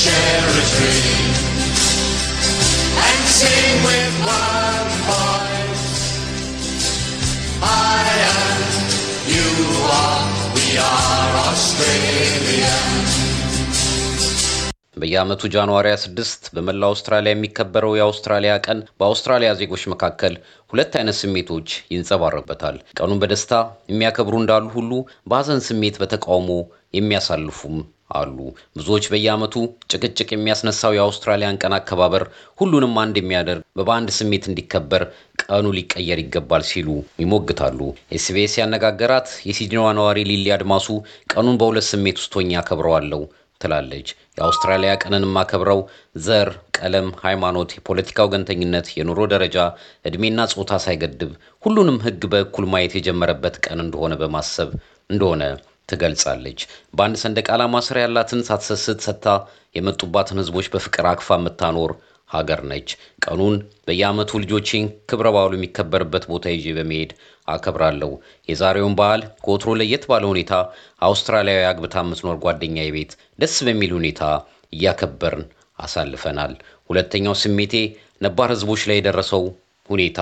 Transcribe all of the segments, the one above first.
share a dream and sing with one voice. I am, you are, we are Australian. በየዓመቱ ጃንዋሪ 26 በመላ አውስትራሊያ የሚከበረው የአውስትራሊያ ቀን በአውስትራሊያ ዜጎች መካከል ሁለት አይነት ስሜቶች ይንጸባረቅበታል። ቀኑን በደስታ የሚያከብሩ እንዳሉ ሁሉ በሐዘን ስሜት፣ በተቃውሞ የሚያሳልፉም አሉ። ብዙዎች በየዓመቱ ጭቅጭቅ የሚያስነሳው የአውስትራሊያን ቀን አከባበር ሁሉንም አንድ የሚያደርግ በአንድ ስሜት እንዲከበር ቀኑ ሊቀየር ይገባል ሲሉ ይሞግታሉ። ኤስቢኤስ ያነጋገራት የሲድኒዋ ነዋሪ ሊሊ አድማሱ ቀኑን በሁለት ስሜት ውስጥ ሆኜ አከብረዋለሁ ትላለች። የአውስትራሊያ ቀንን የማከብረው ዘር፣ ቀለም፣ ሃይማኖት፣ የፖለቲካ ወገንተኝነት፣ የኑሮ ደረጃ፣ እድሜና ጾታ ሳይገድብ ሁሉንም ህግ በእኩል ማየት የጀመረበት ቀን እንደሆነ በማሰብ እንደሆነ ትገልጻለች። በአንድ ሰንደቅ ዓላማ ስር ያላትን ሳትሰስት ሰጥታ የመጡባትን ህዝቦች በፍቅር አክፋ የምታኖር ሀገር ነች። ቀኑን በየዓመቱ ልጆቼን ክብረ በዓሉ የሚከበርበት ቦታ ይዤ በመሄድ አከብራለሁ። የዛሬውን በዓል ከወትሮ ለየት ባለ ሁኔታ አውስትራሊያዊ አግብታ የምትኖር ጓደኛ ቤት ደስ በሚል ሁኔታ እያከበርን አሳልፈናል። ሁለተኛው ስሜቴ ነባር ህዝቦች ላይ የደረሰው ሁኔታ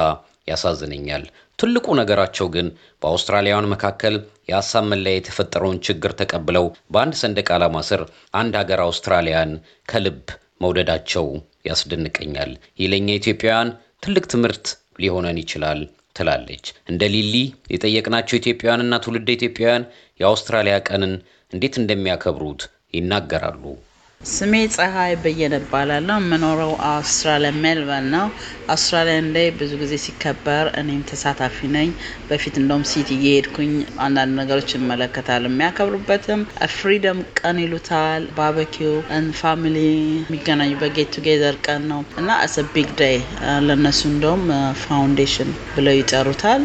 ያሳዝነኛል። ትልቁ ነገራቸው ግን በአውስትራሊያውያን መካከል የሀሳብ መለያ የተፈጠረውን ችግር ተቀብለው በአንድ ሰንደቅ ዓላማ ስር አንድ ሀገር አውስትራሊያን ከልብ መውደዳቸው ያስደንቀኛል። ይለኛ ኢትዮጵያውያን ትልቅ ትምህርት ሊሆነን ይችላል ትላለች። እንደ ሊሊ የጠየቅናቸው ኢትዮጵያውያንና ትውልደ ኢትዮጵያውያን የአውስትራሊያ ቀንን እንዴት እንደሚያከብሩት ይናገራሉ። ስሜ ፀሐይ በየነ እባላለሁ። የምኖረው አውስትራሊያ ሜልበርን ነው። አውስትራሊያን ላይ ብዙ ጊዜ ሲከበር እኔም ተሳታፊ ነኝ። በፊት እንደውም ሲቲ እየሄድኩኝ አንዳንድ ነገሮች እመለከታለሁ። የሚያከብሩበትም ፍሪደም ቀን ይሉታል። ባርበኪው ፋሚሊ የሚገናኙበት ጌት ቱጌዘር ቀን ነው እና አስ ቢግ ዴይ ለእነሱ እንደውም ፋውንዴሽን ብለው ይጠሩታል።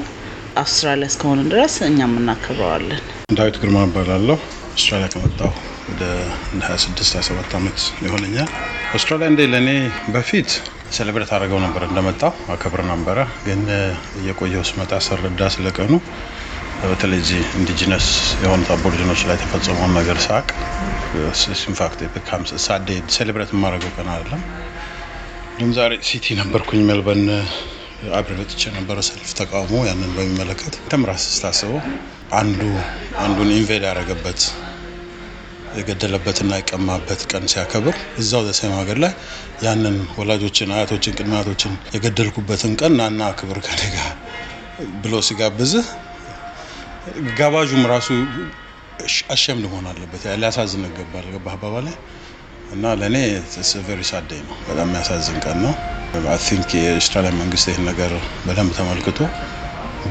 አውስትራሊያ እስከሆነ ድረስ እኛም እናከብረዋለን። ዳዊት ግርማ እባላለሁ። አውስትራሊያ ከመጣሁ ወደ 26 27 ዓመት ይሆነኛል። አውስትራሊያ እንዴ ለእኔ በፊት ሴሌብሬት አድርገው ነበር እንደመጣ አከብር ነበረ። ግን እየቆየው ስመጣ ስረዳ ስለቀኑ በተለይ እዚህ ኢንዲጂነስ የሆኑት አቦርጅኖች ላይ የተፈጸመውን ነገር ሳቅ ኢንፋክት ሳዴ ሴሌብሬት የማደርገው ቀን አይደለም። እንዲሁም ዛሬ ሲቲ ነበርኩኝ ሜልበርን አብሬ ወጥቼ ነበረ ሰልፍ ተቃውሞ። ያንን በሚመለከት ተምራስ ስታስበው አንዱ አንዱን ኢንቬድ ያደረገበት የገደለበትና የቀማበት ቀን ሲያከብር እዛው ዘሰም ሀገር ላይ ያንን ወላጆችን፣ አያቶችን፣ ቅድመ አያቶችን የገደልኩበትን ቀን ናና ክብር ከኔ ጋ ብሎ ሲጋብዝህ ጋባዡም ራሱ አሸም ልሆን አለበት። ሊያሳዝን ይገባል። አባባ ላይ እና ለእኔ ቨሪ ሳደኝ ነው። በጣም የሚያሳዝን ቀን ነው። አይ ቲንክ የአውስትራሊያ መንግስት ይህን ነገር በደንብ ተመልክቶ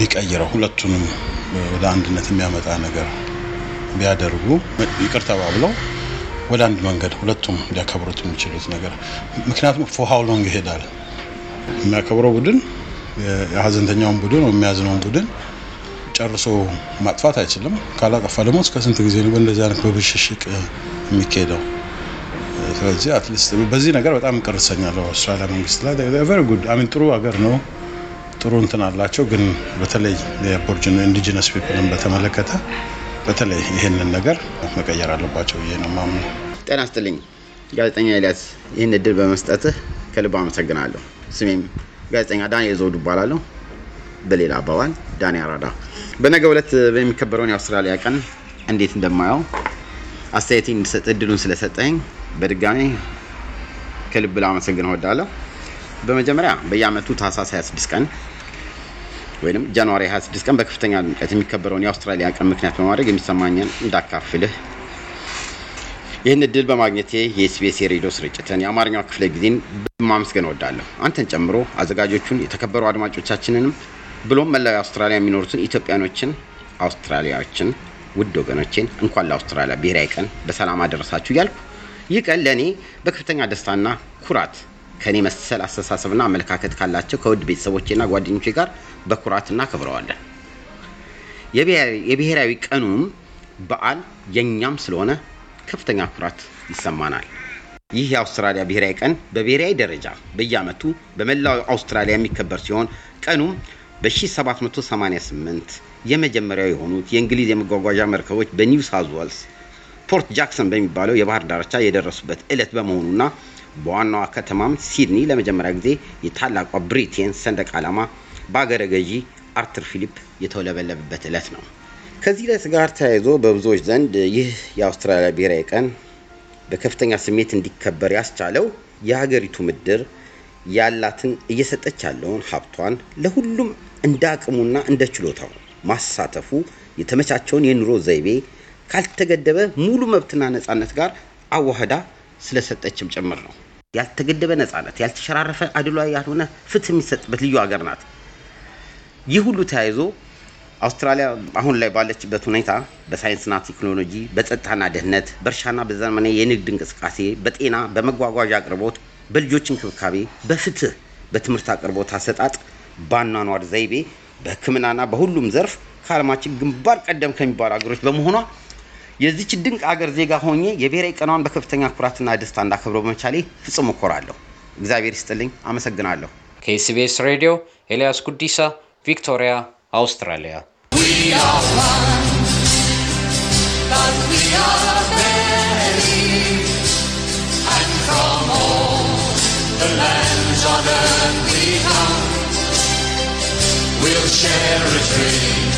ቢቀይረው ሁለቱንም ወደ አንድነት የሚያመጣ ነገር ቢያደርጉ ይቅር ተባብለው ወደ አንድ መንገድ ሁለቱም ሊያከብሩት የሚችሉት ነገር ምክንያቱም ፎሃው ሎንግ ይሄዳል። የሚያከብረው ቡድን የሀዘንተኛውን ቡድን ወይም የሚያዝነውን ቡድን ጨርሶ ማጥፋት አይችልም። ካላጠፋ ደግሞ እስከ ስንት ጊዜ ነው በእንደዚህ አይነት በብሽሽቅ የሚካሄደው? ስለዚህ አትሊስት በዚህ ነገር በጣም ቅር እሰኛለሁ። አውስትራሊያ መንግስት ላይ ቨሪ ጉድ አሚን ጥሩ ሀገር ነው፣ ጥሩ እንትን አላቸው። ግን በተለይ የአቦርጅን ኢንዲጂነስ ፒፕልን በተመለከተ በተለይ ይህንን ነገር መቀየር አለባቸው ብዬ ነው የማምነው። ጤና ይስጥልኝ ጋዜጠኛ ኤልያስ፣ ይህን እድል በመስጠትህ ከልብ አመሰግናለሁ። ስሜም ጋዜጠኛ ዳንኤል ዘውዱ እባላለሁ፣ በሌላ አባባል ዳኒ አራዳ። በነገ ዕለት የሚከበረውን የአውስትራሊያ ቀን እንዴት እንደማየው አስተያየት እንድሰጥ እድሉን ስለሰጠኝ በድጋሚ ከልብ ላመሰግን እወዳለሁ። በመጀመሪያ በየአመቱ ታህሳስ 26 ቀን ወይም ጃንዋሪ 26 ቀን በከፍተኛ ድምቀት የሚከበረውን የአውስትራሊያ ቀን ምክንያት በማድረግ የሚሰማኝን እንዳካፍልህ ይህን እድል በማግኘቴ የኤስቢኤስ የሬዲዮ ስርጭትን የአማርኛው ክፍለ ጊዜን ማመስገን እወዳለሁ። አንተን ጨምሮ አዘጋጆቹን፣ የተከበሩ አድማጮቻችንንም ብሎም መላዊ አውስትራሊያ የሚኖሩትን ኢትዮጵያኖችን፣ አውስትራሊያዎችን፣ ውድ ወገኖቼን እንኳን ለአውስትራሊያ ብሔራዊ ቀን በሰላም አደረሳችሁ እያልኩ ይህ ቀን ለእኔ በከፍተኛ ደስታና ኩራት ከኔ መሰል አስተሳሰብና አመለካከት ካላቸው ከውድ ቤተሰቦቼና ጓደኞቼ ጋር በኩራት እናከብረዋለን። የብሔራዊ ቀኑም በዓል የእኛም ስለሆነ ከፍተኛ ኩራት ይሰማናል። ይህ የአውስትራሊያ ብሔራዊ ቀን በብሔራዊ ደረጃ በየዓመቱ በመላው አውስትራሊያ የሚከበር ሲሆን ቀኑም በ1788 የመጀመሪያው የሆኑት የእንግሊዝ የመጓጓዣ መርከቦች በኒው ሳውዝ ዌልስ ፖርት ጃክሰን በሚባለው የባህር ዳርቻ የደረሱበት ዕለት በመሆኑና በዋናዋ ከተማም ሲድኒ ለመጀመሪያ ጊዜ የታላቋ ብሪቴን ሰንደቅ ዓላማ በአገረ ገዢ አርትር ፊሊፕ የተውለበለበበት ዕለት ነው። ከዚህ ዕለት ጋር ተያይዞ በብዙዎች ዘንድ ይህ የአውስትራሊያ ብሔራዊ ቀን በከፍተኛ ስሜት እንዲከበር ያስቻለው የሀገሪቱ ምድር ያላትን እየሰጠች ያለውን ሀብቷን ለሁሉም እንደ አቅሙና እንደ ችሎታው ማሳተፉ የተመቻቸውን የኑሮ ዘይቤ ካልተገደበ ሙሉ መብትና ነፃነት ጋር አዋህዳ ስለሰጠችም ጭምር ነው። ያልተገደበ ነጻነት፣ ያልተሸራረፈ አድሏዊ ያልሆነ ፍትህ የሚሰጥበት ልዩ ሀገር ናት። ይህ ሁሉ ተያይዞ አውስትራሊያ አሁን ላይ ባለችበት ሁኔታ በሳይንስና ቴክኖሎጂ፣ በጸጥታና ደህንነት፣ በእርሻና በዘመናዊ የንግድ እንቅስቃሴ፣ በጤና፣ በመጓጓዣ አቅርቦት፣ በልጆች እንክብካቤ፣ በፍትህ፣ በትምህርት አቅርቦት አሰጣጥ፣ በአኗኗር ዘይቤ፣ በሕክምናና በሁሉም ዘርፍ ከዓለማችን ግንባር ቀደም ከሚባሉ ሀገሮች በመሆኗ የዚች ድንቅ አገር ዜጋ ሆኜ የብሔራዊ ቀኗን በከፍተኛ ኩራትና ደስታ እንዳከብረ በመቻሌ ፍጹም እኮራለሁ። እግዚአብሔር ይስጥልኝ። አመሰግናለሁ። ከኤስቢኤስ ሬዲዮ ኤልያስ ጉዲሳ፣ ቪክቶሪያ፣ አውስትራሊያ። We'll share a dream.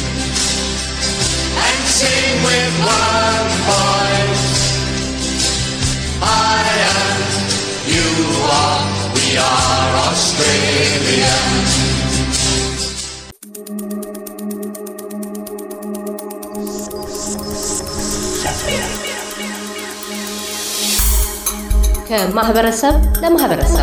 sing with one voice. I am, you are, we are Australians. ከማህበረሰብ ለማህበረሰብ